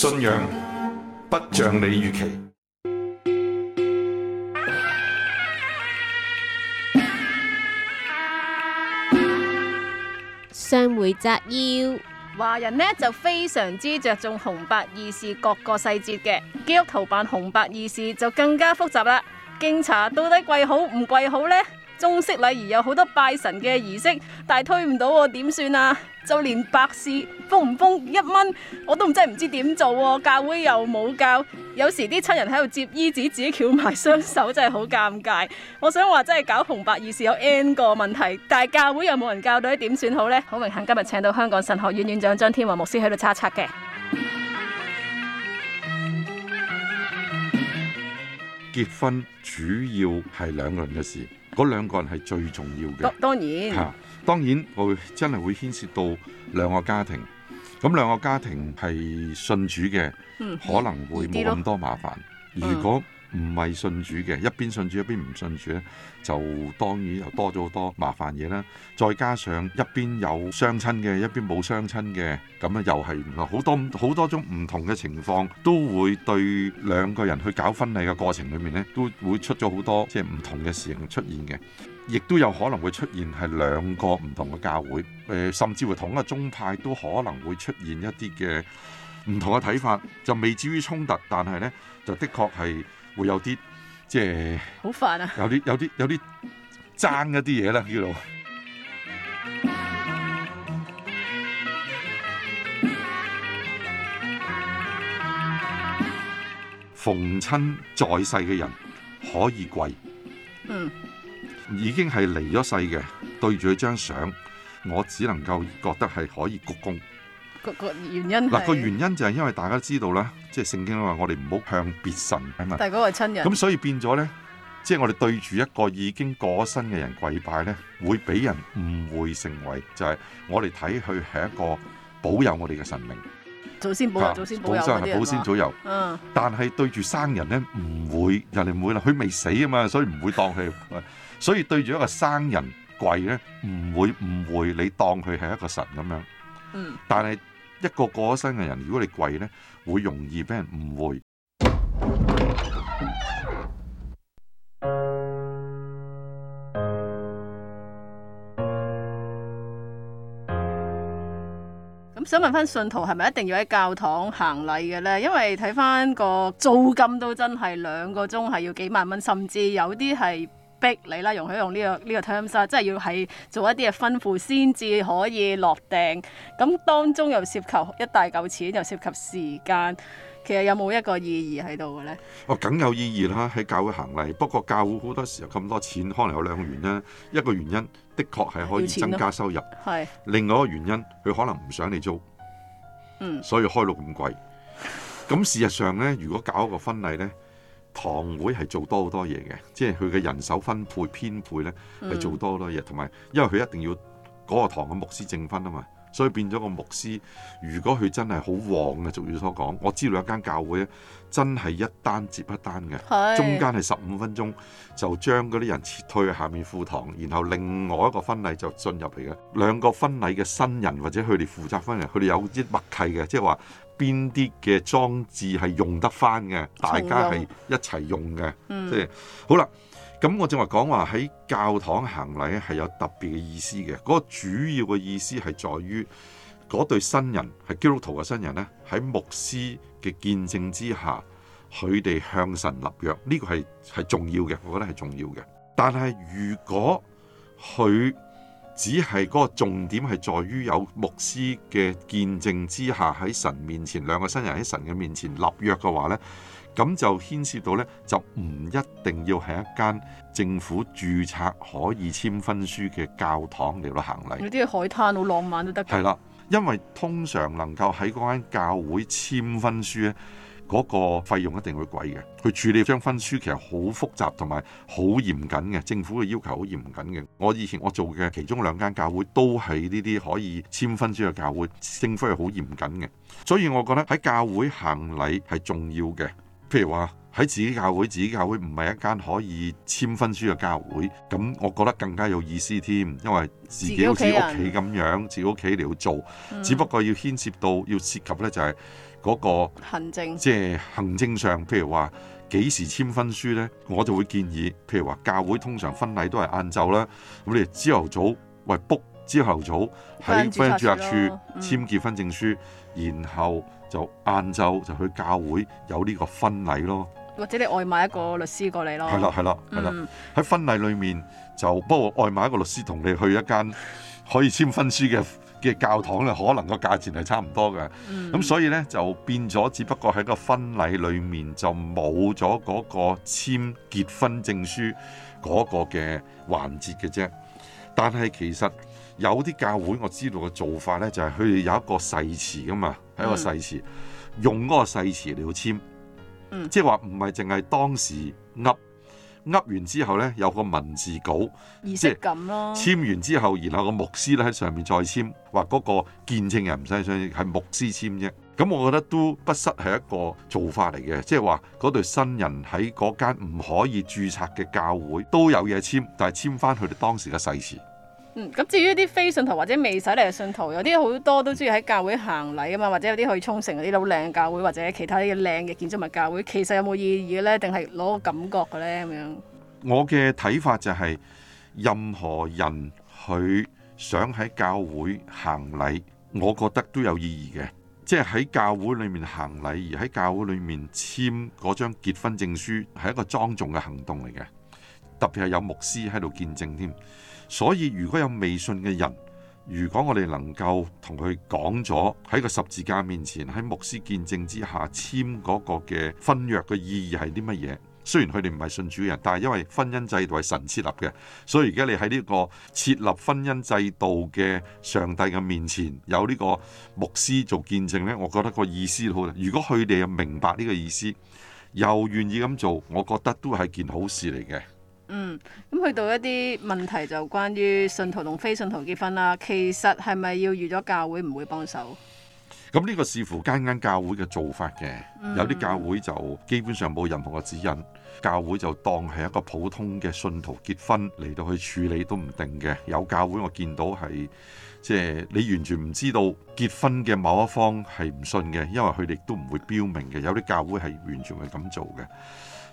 信仰不像你預期。上回摘要，華人呢就非常之著重紅白二事各個細節嘅，基督徒辦紅白二事就更加複雜啦。經查到底貴好唔貴好呢？中式禮儀有好多拜神嘅儀式，但係推唔到喎，點算啊？就連白事封唔封一蚊，我都唔真係唔知點做喎、啊。教會又冇教，有時啲親人喺度接衣紙，自己翹埋雙手，真係好尷尬。我想話真係搞紅白儀式有 N 個問題，但係教會又冇人教到，點算好呢？好榮幸今日請到香港神學院院長張天和牧師喺度拆拆嘅。結婚主要係兩個人嘅事。嗰兩個人係最重要嘅，當然，啊、當然我會真係會牽涉到兩個家庭。咁兩個家庭係信主嘅、嗯，可能會冇咁多麻煩。嗯、如果唔係信主嘅，一邊信主一邊唔信主咧，就當然又多咗好多麻煩嘢啦。再加上一邊有雙親嘅，一邊冇雙親嘅，咁啊又係好多好多種唔同嘅情況，都會對兩個人去搞婚禮嘅過程裏面呢，都會出咗好多即係唔同嘅事情出現嘅。亦都有可能會出現係兩個唔同嘅教會，誒甚至會同一個宗派都可能會出現一啲嘅唔同嘅睇法，就未至於衝突，但係呢，就的確係。會有啲即係，好煩呀，有啲有啲有啲爭一啲嘢啦，叫做逢親在世嘅人可以跪，嗯，已經係離咗世嘅，對住佢張相，我只能夠覺得係可以鞠躬。個原因嗱，個原因就係因為大家都知道啦，即係聖經話我哋唔好向別神拜嘛。但係個親人咁，所以變咗咧，即、就、係、是、我哋對住一個已經過身嘅人跪拜咧，會俾人誤會成為就係、是、我哋睇佢係一個保佑我哋嘅神明祖先保，祖先保佑，祖先保佑。保人保佑嗯，但係對住生人咧，唔會人哋唔會啦，佢未死啊嘛，所以唔會當佢。 所以對住一個生人跪咧，唔會誤會你當佢係一個神咁樣。嗯、但係，一個過咗身嘅人，如果你跪呢，會容易俾人誤會。咁想問翻信徒係咪一定要喺教堂行禮嘅呢？因為睇翻個租金都真係兩個鐘係要幾萬蚊，甚至有啲係逼你啦，容許用呢個呢個 term 啦，即係要係做一啲嘅吩咐先至可以落訂。咁當中又涉及一大嚿錢，又涉及時間，其實有冇一個意義喺度嘅咧？哦，梗有意義啦，喺教會行禮。不過教會好多時候咁多錢，可能有兩個原因。嗯、一個原因的確係可以增加收入，係。另外一個原因，佢可能唔想你租，嗯，所以開到咁貴。咁事實上咧，如果搞一個婚禮咧，堂會係做多好多嘢嘅，即係佢嘅人手分配編配呢，係做多好多嘢，同、嗯、埋因為佢一定要嗰個堂嘅牧師證婚啊嘛，所以變咗個牧師，如果佢真係好旺嘅，俗語所講，我知道有一間教會真係一單接一單嘅，中間係十五分鐘就將嗰啲人撤退去下面副堂，然後另外一個婚禮就進入嚟嘅，兩個婚禮嘅新人或者佢哋負責婚禮，佢哋有啲默契嘅，即係話。邊啲嘅裝置係用得翻嘅？大家係一齊用嘅，即係、嗯就是、好啦。咁我正話講話喺教堂行禮係有特別嘅意思嘅。嗰、嗰個主要嘅意思係在於嗰對新人係基督徒嘅新人呢，喺牧師嘅見證之下，佢哋向神立約，呢、呢個係係重要嘅。我覺得係重要嘅。但係如果佢只係嗰個重點係在於有牧師嘅見證之下，喺神面前兩個新人喺神嘅面前立約嘅話呢，咁就牽涉到呢，就唔一定要係一間政府註冊可以簽婚書嘅教堂嚟到行禮。有啲海灘好浪漫都得㗎。係啦，因為通常能夠喺嗰間教會簽婚書咧。嗰個費用一定會貴嘅，佢處理張婚書其實好複雜同埋好嚴謹嘅，政府嘅要求好嚴謹嘅。我以前我做嘅其中兩間教會都係呢啲可以簽婚書嘅教會，政府係好嚴謹嘅。所以我覺得喺教會行禮係重要嘅。譬如話喺自己教會，自己教會唔係一間可以簽婚書嘅教會，咁我覺得更加有意思添，因為自己好似屋企咁樣，自己屋企嚟去做，只不過要牽涉到要涉及呢就係。嗰個行政，即係行政上，譬如話幾時簽婚書咧，我就會建議，譬如話教會通常婚禮都係晏晝啦，咁你朝頭早喂 book 朝頭早喺婚姻註冊處簽結婚證書，然後就晏晝就去教會有呢個婚禮咯。或者你外賣一個律師過嚟咯。係啦係啦係啦，喺婚禮裡面就不過外賣一個律師同你去一間可以簽婚書嘅。嘅教堂咧，可能個價錢係差唔多嘅，咁、嗯、所以呢就變咗，只不過喺個婚禮裏面就冇咗嗰個簽結婚證書嗰個嘅環節嘅啫。但係其實有啲教會我知道嘅做法呢，就係、是、佢哋有一個誓詞噶嘛，係一個誓詞、嗯、用嗰個誓詞嚟到簽。嗯、即係話唔係淨係當時噏完之後呢，有個文字稿，意思係咁咯。簽完之後，然後個牧師咧喺上面再簽，話嗰個見證人唔使，想係牧師簽啫。咁我覺得都不失係一個做法嚟嘅，即係話嗰對新人喺嗰間唔可以註冊嘅教會都有嘢簽，但係簽翻佢哋當時嘅誓詞。咁、嗯、至於啲非信徒或者未使嚟嘅信徒，有啲好多都中意喺教會行禮啊嘛，或者有啲去沖繩嗰啲好靚教會，或者其他啲靚嘅建築物教會，其實有冇意義呢？定係攞個感覺嘅呢？咁樣，我嘅睇法就係、是、任何人佢想喺教會行禮，我覺得都有意義嘅。即係喺教會裏面行禮，而喺教會裏面簽嗰張結婚證書，係一個莊重嘅行動嚟嘅。特別係有牧師喺度見證添。所以，如果有未信嘅人，如果我哋能夠同佢講咗喺個十字架面前，喺牧師見證之下簽嗰個嘅婚約嘅意義係啲乜嘢？雖然佢哋唔係信主嘅人，但係因為婚姻制度係神設立嘅，所以而家你喺呢個設立婚姻制度嘅上帝嘅面前有呢個牧師做見證咧，我覺得個意思好。如果佢哋又明白呢個意思，又願意咁做，我覺得都係件好事嚟嘅。嗯，咁去到一啲問題就關於信徒同非信徒結婚啦。其實係咪要預咗教會唔會幫手？咁呢個視乎間間教會嘅做法嘅。有啲教會就基本上冇任何嘅指引，教會就當係一個普通嘅信徒結婚嚟到去處理都唔定嘅。有教會我見到係即係你完全唔知道結婚嘅某一方係唔信嘅，因為佢哋都唔會標明嘅。有啲教會係完全係咁做嘅，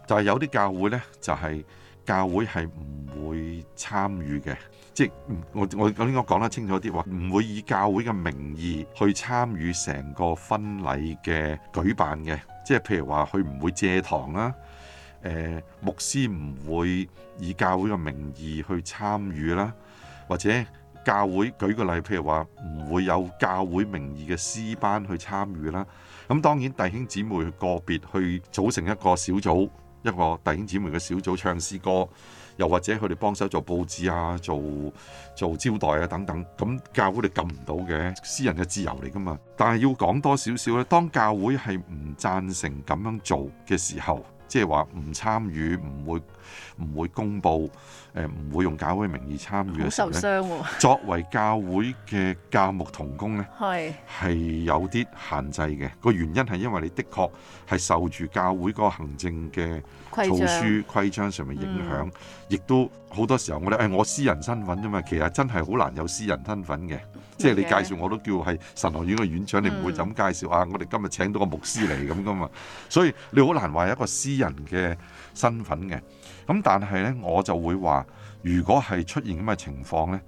但係有啲教會咧就係。教會係唔會參與嘅，即我我我應該講得清楚啲，話唔會以教會嘅名義去參與成個婚禮嘅舉辦嘅，即係譬如話佢唔會借堂啦，牧師唔會以教會嘅名義去參與啦，或者教會舉個例，譬如話唔會有教會名義嘅詩班去參與啦，咁當然弟兄姊妹個別去組成一個小組。一個弟兄姊妹嘅小組唱詩歌，又或者佢哋幫手做布置啊、做做招待啊等等，咁教會你禁唔到嘅，私人嘅自由嚟噶嘛。但係要講多少少咧，當教會係唔贊成咁樣做嘅時候。即係話唔參與，唔會唔會公布，誒唔會用教會名義參與。好受傷喎、啊。作為教會嘅教牧同工呢，係 係有啲限制嘅。個原因係因為你的確係受住教會個行政嘅。圖書規章上面影響，亦、嗯、都好多時候，我哋誒我私人身份啫嘛、嗯，其實真係好難有私人身份嘅、嗯，即係你介紹我都叫係神學院嘅院長，嗯、你唔會就咁介紹啊！我哋今日請到個牧師嚟咁噶嘛、嗯，所以你好難話係一個私人嘅身份嘅。咁但係呢，我就會話，如果係出現咁嘅情況呢，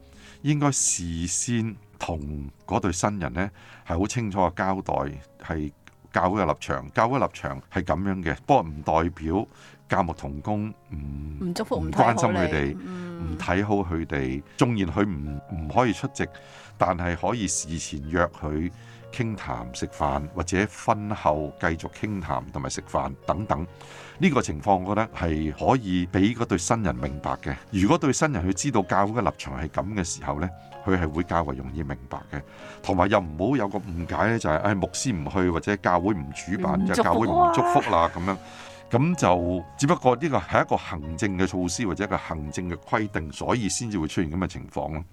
應該事先同嗰對新人呢係好清楚嘅交代，係教會嘅立場，教會立場係咁樣嘅，不過唔代表。教牧同工唔唔、嗯、祝福唔關心佢哋，唔睇好佢哋、嗯，縱然佢唔唔可以出席，但係可以事前約佢傾談食飯，或者婚後繼續傾談同埋食飯等等。呢、這個情況我覺得係可以俾嗰對新人明白嘅。如果對新人去知道教會嘅立場係咁嘅時候咧，佢係會較為容易明白嘅。同埋又唔好有個誤解咧、就是，就係誒牧師唔去或者教會唔主辦，就、啊、教會唔祝福啦、啊、咁樣。咁就只不過呢個係一個行政嘅措施或者一個行政嘅規定，所以先至會出現咁嘅情況咯。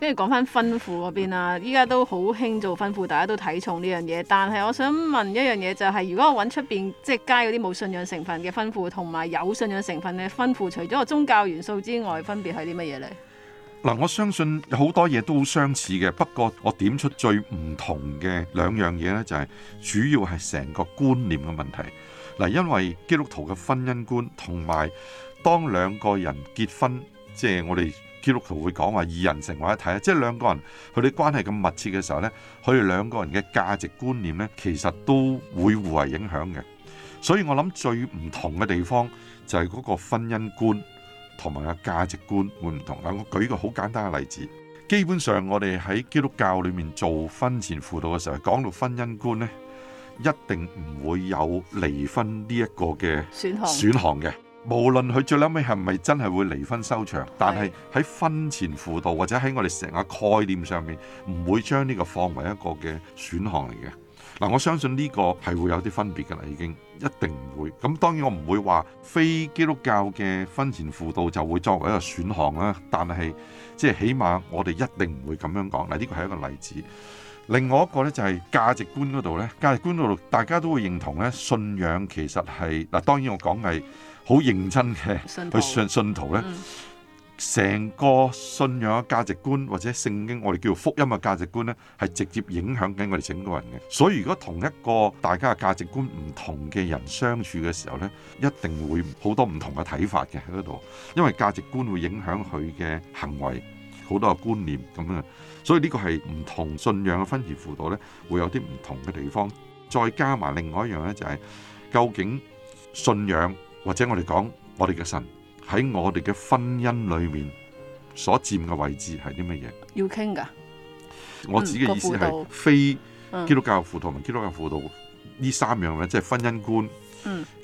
跟住講翻婚輔嗰邊啦，依家都好興做婚輔，大家都睇重呢樣嘢。但係我想問一樣嘢、就係，就係如果我揾出面，即、就、係、是、街嗰啲冇信仰成分嘅婚輔同埋有信仰成分嘅婚輔，除咗個宗教元素之外，分別係啲乜嘢呢？嗱，我相信好多嘢都好相似嘅，不過我點出最唔同嘅兩樣嘢呢，就係主要係成個觀念嘅問題。嗱，因為基督徒嘅婚姻觀同埋，當兩個人結婚，即係我哋基督徒會講話二人成為一體，即係兩個人佢哋關係咁密切嘅時候呢，佢哋兩個人嘅價值觀念呢，其實都會互為影響嘅。所以我諗最唔同嘅地方就係嗰個婚姻觀。同埋個價值觀會唔同啦。我舉個好簡單嘅例子，基本上我哋喺基督教裏面做婚前輔導嘅時候，講到婚姻觀呢，一定唔會有離婚呢一個嘅選項，選項嘅。無論佢最後尾係咪真係會離婚收場，但係喺婚前輔導或者喺我哋成個概念上面，唔會將呢個放為一個嘅選項嚟嘅。嗱，我相信呢個係會有啲分別㗎啦，已經一定唔會。咁當然我唔會話非基督教嘅婚前輔導就會作為一個選項啦。但係即係起碼我哋一定唔會咁樣講。嗱，呢個係一個例子。另外一個呢就係價值觀嗰度呢，價值觀嗰度大家都會認同呢，信仰其實係嗱，當然我講係好認真嘅去信信徒呢。成個信仰嘅價值觀或者聖經，我哋叫做福音嘅價值觀呢，係直接影響緊我哋整個人嘅。所以如果同一個大家嘅價值觀唔同嘅人相處嘅時候呢，一定會好多唔同嘅睇法嘅喺嗰度，因為價值觀會影響佢嘅行為好多嘅觀念咁樣。所以呢個係唔同信仰嘅分而輔導呢會有啲唔同嘅地方。再加埋另外一樣呢就係、是、究竟信仰或者我哋講我哋嘅神。喺我哋嘅婚姻裏面所佔嘅位置係啲乜嘢？要傾㗎。我指嘅意思係非基督教輔導同基督教輔導呢三樣嘢，即係婚姻觀、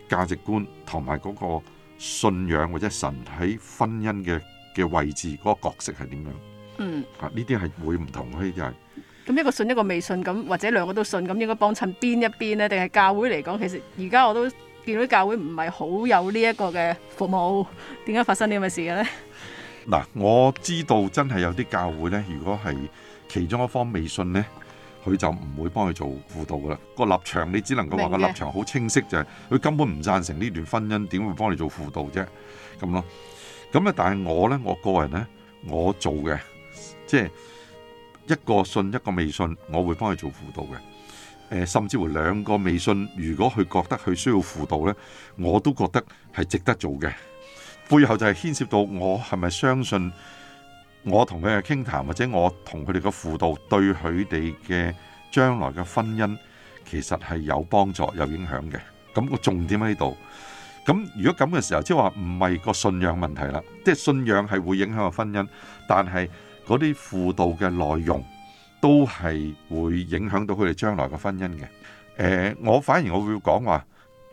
價值觀同埋嗰個信仰或者神喺婚姻嘅嘅位置嗰個角色係點樣？嗯。啊，呢啲係會唔同嘅呢啲係。咁一個信一個未信，咁或者兩個都信，咁應該幫襯邊一邊呢？定係教會嚟講，其實而家我都。見到教會唔係好有呢一個嘅服務，點解發生呢咁嘅事嘅咧？嗱，我知道真係有啲教會咧，如果係其中一方未信咧，佢就唔會幫佢做輔導噶啦。個立場，你只能夠話個立場好清晰，就係佢根本唔贊成呢段婚姻，點會幫你做輔導啫？咁咯，咁啊，但係我咧，我個人咧，我做嘅，即係一個信一個未信，我會幫佢做輔導嘅。誒，甚至乎兩個微信，如果佢覺得佢需要輔導呢，我都覺得係值得做嘅。背後就係牽涉到我係咪相信我同佢嘅傾談，或者我同佢哋嘅輔導對佢哋嘅將來嘅婚姻其實係有幫助、有影響嘅。咁個重點喺度。咁如果咁嘅時候，即係話唔係個信仰問題啦，即係信仰係會影響個婚姻，但係嗰啲輔導嘅內容。都係會影響到佢哋將來嘅婚姻嘅。誒、呃，我反而我會講話，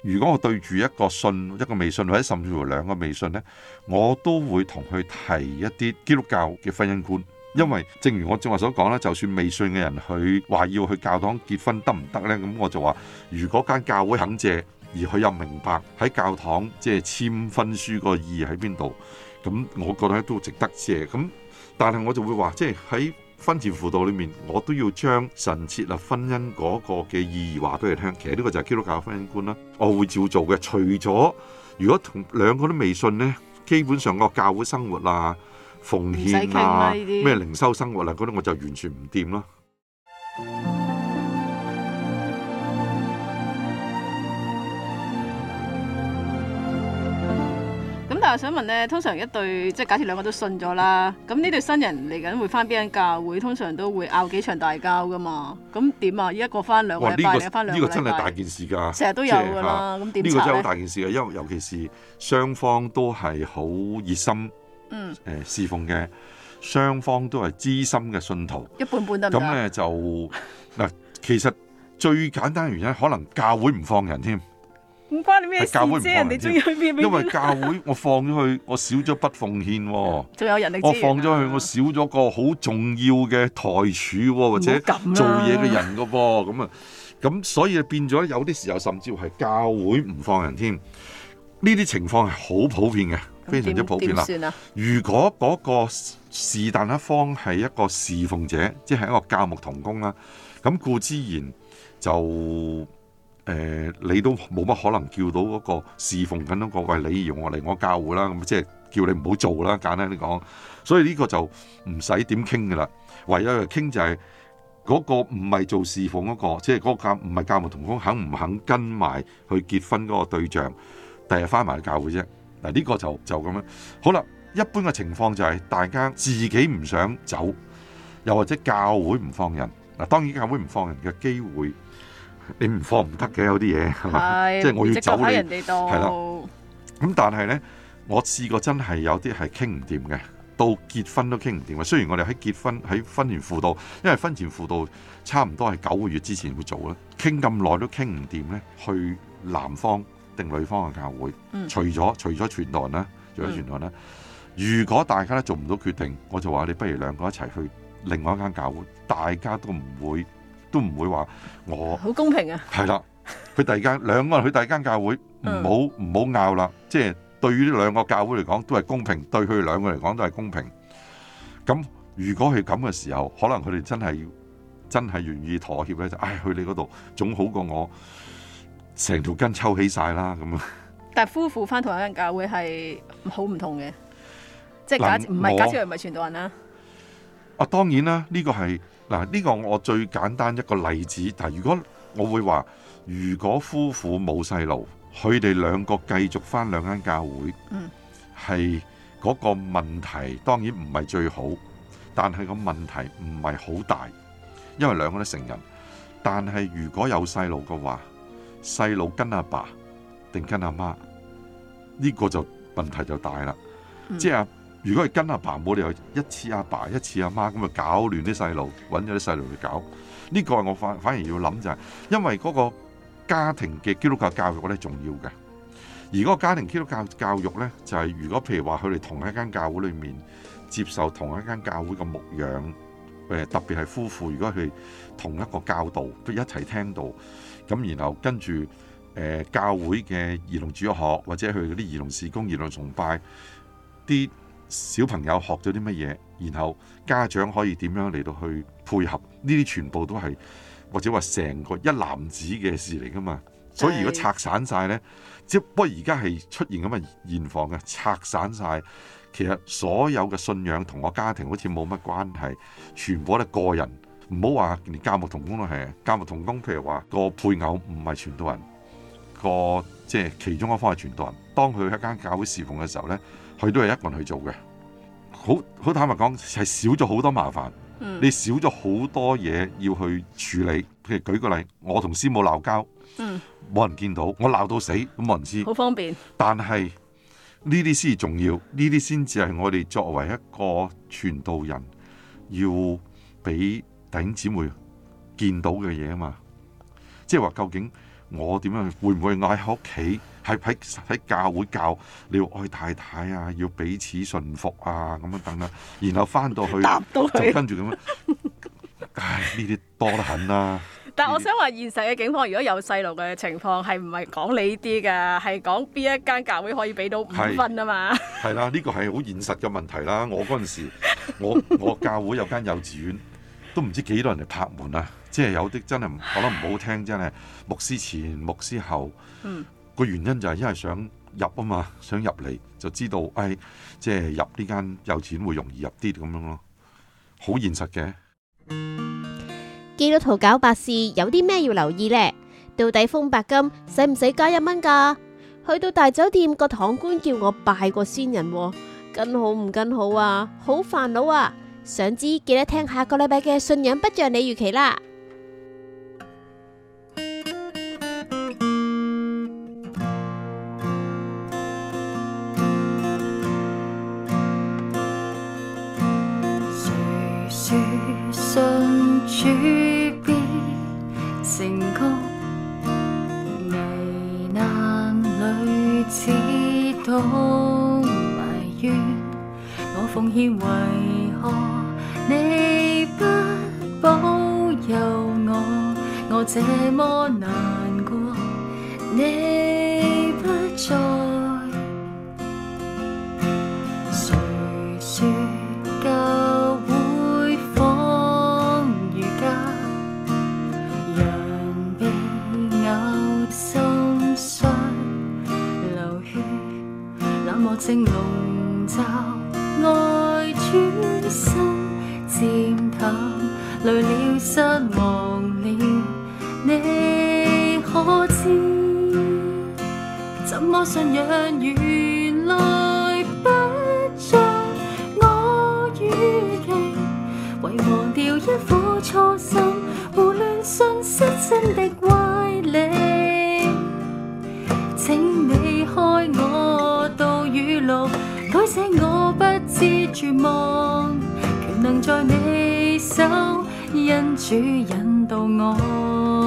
如果我對住一個信一個未信或者甚至乎兩個未信呢，我都會同佢提一啲基督教嘅婚姻觀，因為正如我正話所講啦，就算未信嘅人佢話要去教堂結婚得唔得呢？咁我就話，如果一間教會肯借，而佢又明白喺教堂即係簽婚書個意義喺邊度，咁我覺得都值得借。咁但係我就會話，即係喺。婚前輔導裏面，我都要將神設立婚姻嗰個嘅意義話俾佢聽。其實呢個就係基督教嘅婚姻觀啦。我會照做嘅。除咗如果同兩個都未信呢，基本上個教會生活啊、奉獻啊、咩、啊、靈修生活啊嗰啲我就完全唔掂咯。嗯我想問咧，通常一對即係假設兩個都信咗啦，咁呢對新人嚟緊會返邊間教會？通常都會拗幾場大交㗎嘛。咁點啊？而家過返兩，個禮，拜、呢個、兩，個兩個禮拜，兩禮呢個真係大件事㗎，成日都有㗎啦。咁點咧？啊、呢、呢個真係好大件事嘅，因為尤其是雙方都係好熱心，嗯，呃、侍奉嘅雙方都係資深嘅信徒，一半半得。咁咧就嗱，其實最簡單嘅原因，可能教會唔放人添。唔關你咩事先，因為教會，我放咗去，我少咗筆奉獻、哦。仲有人力、啊、我放咗去，我少咗個好重要嘅台柱、哦、或者做嘢嘅人噶、哦、噃。咁啊，咁所以變咗有啲時候甚至係教會唔放人添。呢啲情況係好普遍嘅，非常之普遍啦。如果嗰、那個是但一方係一個侍奉者，即、就、係、是、一個教牧同工啦，咁故之言就。呃，你都冇乜可能叫到嗰個侍奉緊嗰個，喂，你用我嚟我教會啦，咁即係叫你唔好做啦，簡單啲講。所以呢個就唔使點傾噶啦，唯一傾就係嗰個唔係做侍奉嗰個，即係嗰個教唔係教牧同工肯唔肯跟埋去結婚嗰個對象，第日翻埋去教會啫。嗱，呢個就就咁樣好啦。一般嘅情況就係大家自己唔想走，又或者教會唔放人。嗱，當然教會唔放人嘅機會。你唔放唔得嘅，有啲嘢，係嘛？即係我要走你，係啦。咁但係呢，我試過真係有啲係傾唔掂嘅，到結婚都傾唔掂。雖然我哋喺結婚喺婚前輔導，因為婚前輔導差唔多係九個月之前會做啦，傾咁耐都傾唔掂呢，去男方定女方嘅教會。除咗除咗全堂啦，除咗全堂啦，如果大家都做唔到決定，我就話你不如兩個一齊去另外一間教會，大家都唔會。都唔會話我好公平啊。係啦，佢第二間兩個人去第二間教會，唔好唔好拗啦。即係對於呢兩個教會嚟講，都係公平，對佢哋兩個嚟講，都係公平。咁如果係咁嘅時候，可能佢哋真係真係願意妥協咧，就唉去你嗰度總好過我成條筋抽起曬啦咁樣。但係夫婦翻同一間教會係好唔同嘅，即係假設唔係假設佢唔係傳道人啊。啊，當然啦，呢個係。嗱，呢個我最簡單一個例子。但係如果我會話，如果夫婦冇細路，佢哋兩個繼續翻兩間教會，嗯，係、嗰個問題當然唔係最好，但係個問題唔係好大，因為兩個都成人。但係如果有細路嘅話，細路跟阿爸定跟阿媽，呢、呢個就問題就大啦、嗯。即係。如果係跟阿爸，冇理由一次阿爸，爸一次阿媽，咁咪搞亂啲細路，揾咗啲細路去搞。呢個我反反而要諗就係，因為嗰個家庭嘅基督教教育呢，重要嘅。而嗰個家庭基督教教育呢，就係如果譬如話佢哋同一間教會裡面接受同一間教會嘅牧養，誒特別係夫婦，如果佢同一個教導一齊聽到，咁然後跟住誒教會嘅兒童主學或者去嗰啲兒童事工、兒童崇拜啲。小朋友學咗啲乜嘢，然後家長可以點樣嚟到去配合？呢啲全部都係或者話成個一籃子嘅事嚟㗎嘛？所以如果拆散晒呢，只不過而家係出現咁嘅現況嘅拆散晒，其實所有嘅信仰同我家庭好似冇乜關係，全部都係個人唔好話連教牧同工都係、啊、教牧同工。譬如話個配偶唔係傳道人，個即係其中一方係傳道人。當佢一間教會侍奉嘅時候呢。佢都係一個人去做嘅，好好坦白講，係少咗好多麻煩，嗯、你少咗好多嘢要去處理。譬如舉個例，我同師母鬧交，冇、嗯、人見到，我鬧到死，咁冇人知。好方便。但係呢啲先重要，呢啲先至係我哋作為一個傳道人要俾弟兄姊妹見到嘅嘢啊嘛。即係話，究竟我點樣會唔會嗌喺屋企？喺喺喺教會教你要愛太太啊，要彼此順服啊，咁樣等等，然後翻到去，到去就跟住咁樣， 唉呢啲多得很啦、啊。但係我想話現實嘅境況如果有細路嘅情況，係唔係講你啲㗎？係講邊一間教會可以俾到五分啊嘛？係啦，呢、啊這個係好現實嘅問題啦。我嗰陣時，我我教會有間幼稚園，都唔知幾多人嚟拍門啊！即、就、係、是、有啲真係講得唔好聽，真係牧師前牧師後。嗯。個原因就係因為想入啊嘛，想入嚟就知道，哎，即係入呢間有錢會容易入啲咁樣咯，好現實嘅。基督徒搞白事有啲咩要留意呢？到底封白金使唔使加一蚊噶？去到大酒店，個堂官叫我拜個先人喎，更好唔更好啊？好煩惱啊！想知記得聽下個禮拜嘅信仰，不像你預期啦。主必成功，危難裏只懂埋怨。我奉獻為何你不保佑我？我這麼難過，你。聖籠罩愛轉身，漸淡，累了，失望了，你可知？怎麼信仰？改寫我不知絕望，權能在你手，因主引導我。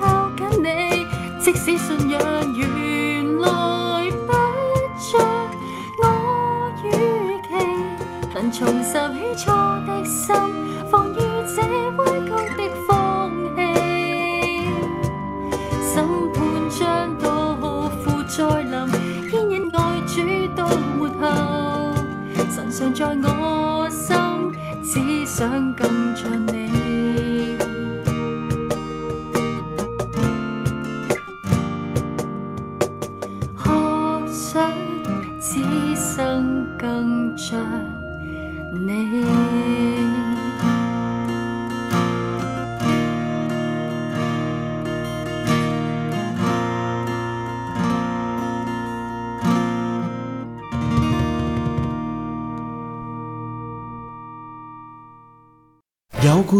靠緊你，即使信仰原來不着，我預期，能重拾起初。